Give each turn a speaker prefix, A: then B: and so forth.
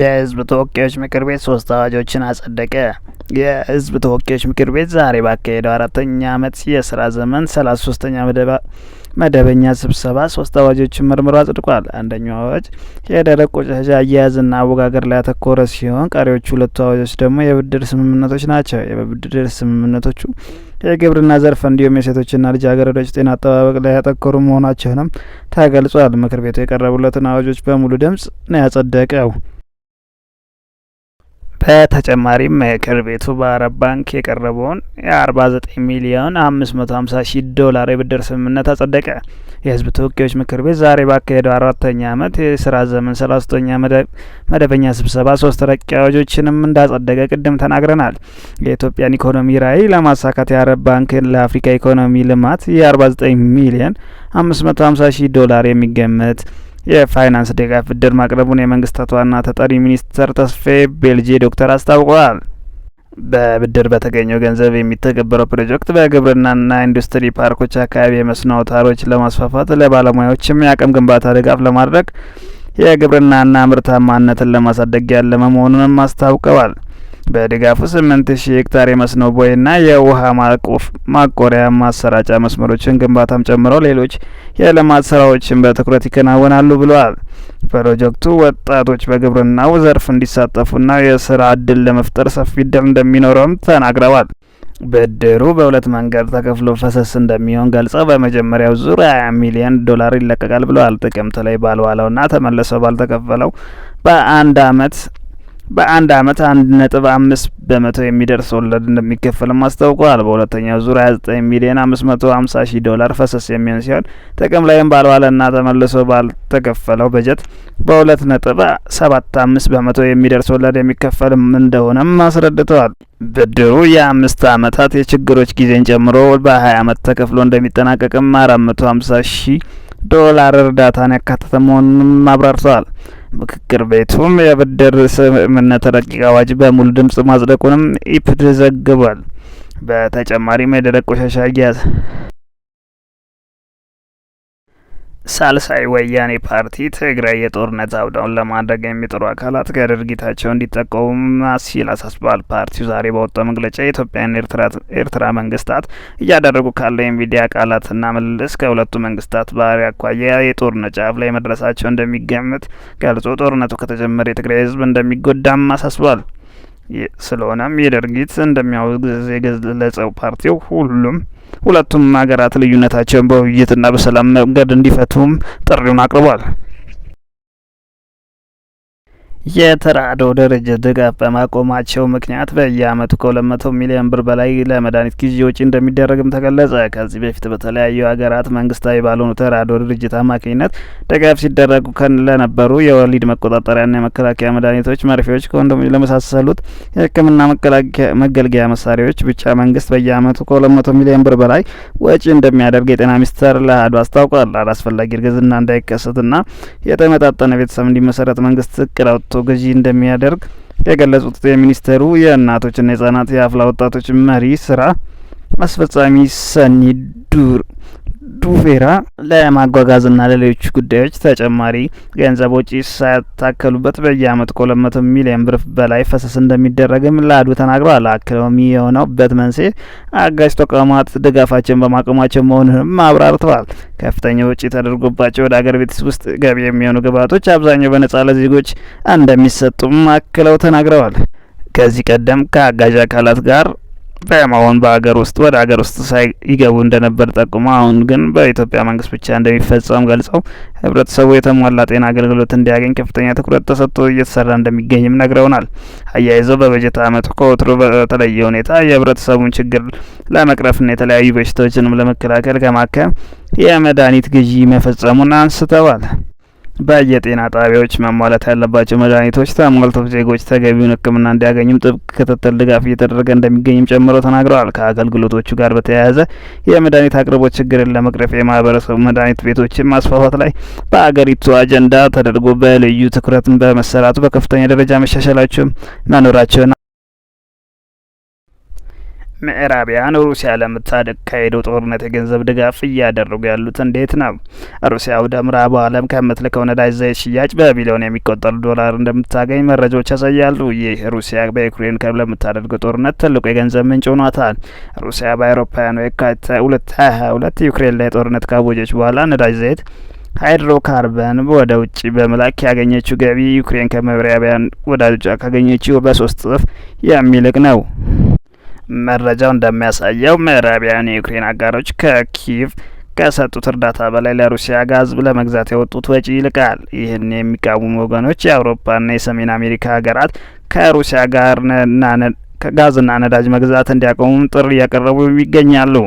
A: የህዝብ ተወካዮች ምክር ቤት ሶስት አዋጆችን አጸደቀ። የህዝብ ተወካዮች ምክር ቤት ዛሬ ባካሄደው አራተኛ አመት የስራ ዘመን ሰላሳ ሶስተኛ መደበኛ ስብሰባ ሶስት አዋጆችን መርምሮ አጽድቋል። አንደኛው አዋጅ የደረቅ ቆሻሻ አያያዝና አወጋገር ላይ ያተኮረ ሲሆን ቀሪዎቹ ሁለቱ አዋጆች ደግሞ የብድር ስምምነቶች ናቸው። የብድር ስምምነቶቹ የግብርና ዘርፍ እንዲሁም የሴቶችና ልጃገረዶች ጤና አጠባበቅ ላይ ያተኮሩ መሆናቸውንም ተገልጿል። ምክር ቤቱ የቀረቡለትን አዋጆች በሙሉ ድምጽ ነው ያጸደቀው። በተጨማሪም ምክር ቤቱ በአረብ ባንክ የቀረበውን የ49 ሚሊዮን 550 ሺ ዶላር የብድር ስምምነት አጸደቀ። የሕዝብ ተወካዮች ምክር ቤት ዛሬ ባካሄደው አራተኛ ዓመት የስራ ዘመን 30ኛ መደበኛ ስብሰባ ሶስት ረቂቅ አዋጆችንም እንዳጸደቀ ቅድም ተናግረናል። የኢትዮጵያን ኢኮኖሚ ራዕይ ለማሳካት የአረብ ባንክን ለአፍሪካ ኢኮኖሚ ልማት የ49 ሚሊዮን 550 ሺህ ዶላር የሚገመት የፋይናንስ ድጋፍ ብድር ማቅረቡን የመንግስታት ዋና ተጠሪ ሚኒስትር ተስፋዬ ቤልጄ ዶክተር አስታውቀዋል። በብድር በተገኘው ገንዘብ የሚተገበረው ፕሮጀክት በግብርናና ኢንዱስትሪ ፓርኮች አካባቢ የመስኖ አውታሮች ለማስፋፋት ለባለሙያዎችም የአቅም ግንባታ ድጋፍ ለማድረግ የግብርናና ምርታማነትን ለማሳደግ ያለመ መሆኑንም አስታውቀዋል። በድጋፉ 8000 ሄክታር የመስኖ ቦይና የውሃ ማቆሪያ ማሰራጫ መስመሮችን ግንባታም ጨምሮ ሌሎች የልማት ስራዎችን በትኩረት ይከናወናሉ ብለዋል። ፕሮጀክቱ ወጣቶች በግብርናው ዘርፍ እንዲሳተፉና የስራ እድል ለመፍጠር ሰፊ እድል እንደሚኖረውም ተናግረዋል። ብድሩ በሁለት መንገድ ተከፍሎ ፈሰስ እንደሚሆን ገልጸው በመጀመሪያው ዙር 20 ሚሊዮን ዶላር ይለቀቃል ብለዋል። ጥቅምት ላይ ባልዋለውና ተመልሶ ባልተከፈለው በአንድ አመት በአንድ አመት አንድ ነጥብ አምስት በመቶ የሚደርስ ወለድ እንደሚከፈልም አስታውቀዋል። በሁለተኛው ዙር ሀያ ዘጠኝ ሚሊዮን አምስት መቶ ሀምሳ ሺህ ዶላር ፈሰስ የሚሆን ሲሆን ጥቅም ላይም ባልዋለና ተመልሶ ባልተከፈለው በጀት በሁለት ነጥብ ሰባት አምስት በመቶ የሚደርስ ወለድ የሚከፈልም እንደሆነም አስረድተዋል። ብድሩ የአምስት አመታት የችግሮች ጊዜን ጨምሮ በሀያ አመት ተከፍሎ እንደሚጠናቀቅም አራት መቶ ሀምሳ ሺህ ዶላር እርዳታን ያካተተ መሆኑንም አብራርተዋል። ምክክር ቤቱም የብድር ስምምነት ረቂቅ አዋጅ በሙሉ ድምጽ ማጽደቁንም ኢፕድ ዘግቧል። በተጨማሪም የደረቅ ቆሻሻ ሳልሳይ ወያኔ ፓርቲ ትግራይ የጦርነት አውዳውን ለማድረግ የሚጥሩ አካላት ከድርጊታቸው እንዲጠቀሙ ሲል አሳስበዋል። ፓርቲው ዛሬ በወጣው መግለጫ የኢትዮጵያና ኤርትራ መንግስታት እያደረጉ ካለው የሚዲያ ቃላትና ምልልስ ከሁለቱ መንግስታት ባህሪ አኳያ የጦርነት ጫፍ ላይ መድረሳቸው እንደሚገምት ገልጾ ጦርነቱ ከተጀመረ የትግራይ ህዝብ እንደሚጎዳም አሳስቧል። ስለሆነም ይህ ድርጊት እንደሚያወግዝ የገለጸው ፓርቲው ሁሉም ሁለቱም ሀገራት ልዩነታቸውን በውይይትና በሰላም መንገድ እንዲፈቱም ጥሪውን አቅርቧል። የተራድኦ ድርጅት ድጋፍ በማቆማቸው ምክንያት በየአመቱ ከ200 ሚሊዮን ብር በላይ ለመድኃኒት ግዢ ወጪ እንደሚደረግም ተገለጸ። ከዚህ በፊት በተለያዩ ሀገራት መንግስታዊ ባልሆኑ ተራድኦ ድርጅት አማካኝነት ድጋፍ ሲደረጉ ለነበሩ የወሊድ መቆጣጠሪያና የመከላከያ መድኃኒቶች፣ መርፌዎች፣ ኮንዶሞች ለመሳሰሉት የሕክምና መገልገያ መሳሪያዎች ብቻ መንግስት በየአመቱ ከ200 ሚሊዮን ብር በላይ ወጪ እንደሚያደርግ የጤና ሚኒስቴር ለአህዱ አስታውቋል። አላስፈላጊ እርግዝና እንዳይከሰትና የተመጣጠነ ቤተሰብ እንዲመሰረት መንግስት እቅድ ገዢ እንደሚያደርግ የገለጹት የሚኒስቴሩ የእናቶችና የህጻናት የአፍላ ወጣቶች መሪ ስራ አስፈጻሚ ሰኒ ዱር ዱፌራ ለማጓጓዝና ለሌሎች ጉዳዮች ተጨማሪ ገንዘብ ወጪ ሳያታከሉበት በየአመቱ ከሁለት መቶ ሚሊዮን ብር በላይ ፈሰስ እንደሚደረግም ላዱ ተናግረዋል። አክለውም የሆነበት መንስኤ አጋዥ ተቋማት ድጋፋቸውን በማቆማቸው መሆኑንም አብራርተዋል። ከፍተኛ ወጪ ተደርጎባቸው ወደ አገር ቤት ውስጥ ገቢ የሚሆኑ ግብዓቶች አብዛኛው በነጻ ለዜጎች እንደሚሰጡም አክለው ተናግረዋል። ከዚህ ቀደም ከአጋዥ አካላት ጋር በማሆን በአገር ውስጥ ወደ አገር ውስጥ ሳይገቡ እንደነበር ጠቁመው አሁን ግን በኢትዮጵያ መንግስት ብቻ እንደሚፈጸም ገልጸው ህብረተሰቡ የተሟላ ጤና አገልግሎት እንዲያገኝ ከፍተኛ ትኩረት ተሰጥቶ እየተሰራ እንደሚገኝም ነግረውናል። አያይዘው በበጀት አመቱ ከወትሮ በተለየ ሁኔታ የህብረተሰቡን ችግር ለመቅረፍና የተለያዩ በሽታዎችንም ለመከላከል ከማከም የመድኃኒት ግዢ መፈጸሙን አንስተዋል። በየጤና ጣቢያዎች መሟላት ያለባቸው መድኃኒቶች ተሟልተው ዜጎች ተገቢውን ሕክምና እንዲያገኙም ጥብቅ ክትትል ድጋፍ እየተደረገ እንደሚገኝም ጨምረው ተናግረዋል። ከአገልግሎቶቹ ጋር በተያያዘ የመድኃኒት አቅርቦት ችግርን ለመቅረፍ የማህበረሰቡ መድኃኒት ቤቶችን ማስፋፋት ላይ በአገሪቱ አጀንዳ ተደርጎ በልዩ ትኩረትን በመሰራቱ በከፍተኛ ደረጃ መሻሻላቸውም መኖራቸውን ምዕራቢያን ሩሲያ ካሄደው ጦርነት የገንዘብ ድጋፍ እያደረጉ ያሉት እንዴት ነው? ሩሲያ ወደ ምዕራቡ ዓለም ከምትልከው ነዳጅ ዘይት ሽያጭ በቢሊዮን የሚቆጠሩ ዶላር እንደምታገኝ መረጃዎች ያሳያሉ። ይህ ሩሲያ በዩክሬን ከብ ለምታደርገው ጦርነት ትልቁ የገንዘብ ምንጭ ሆኗታል። ሩሲያ በአውሮፓውያኑ የካቲት ሁለት ሀያ ሀያ ሁለት ዩክሬን ላይ ጦርነት ካወጀች በኋላ ነዳጅ ዘይት ሃይድሮካርበን ወደ ውጭ በመላክ ያገኘችው ገቢ ዩክሬን ከመብሪያቢያን ወዳጆቿ ካገኘችው በሶስት እጥፍ የሚልቅ ነው። መረጃው እንደሚያሳየው ምዕራቢያን የዩክሬን አጋሮች ከኪቭ ከሰጡት እርዳታ በላይ ለሩሲያ ጋዝ ለመግዛት የወጡት ወጪ ይልቃል። ይህን የሚቃወሙ ወገኖች የአውሮፓና የሰሜን አሜሪካ ሀገራት ከሩሲያ ጋር ጋዝና ነዳጅ መግዛት እንዲያቆሙም ጥሪ እያቀረቡ ይገኛሉ።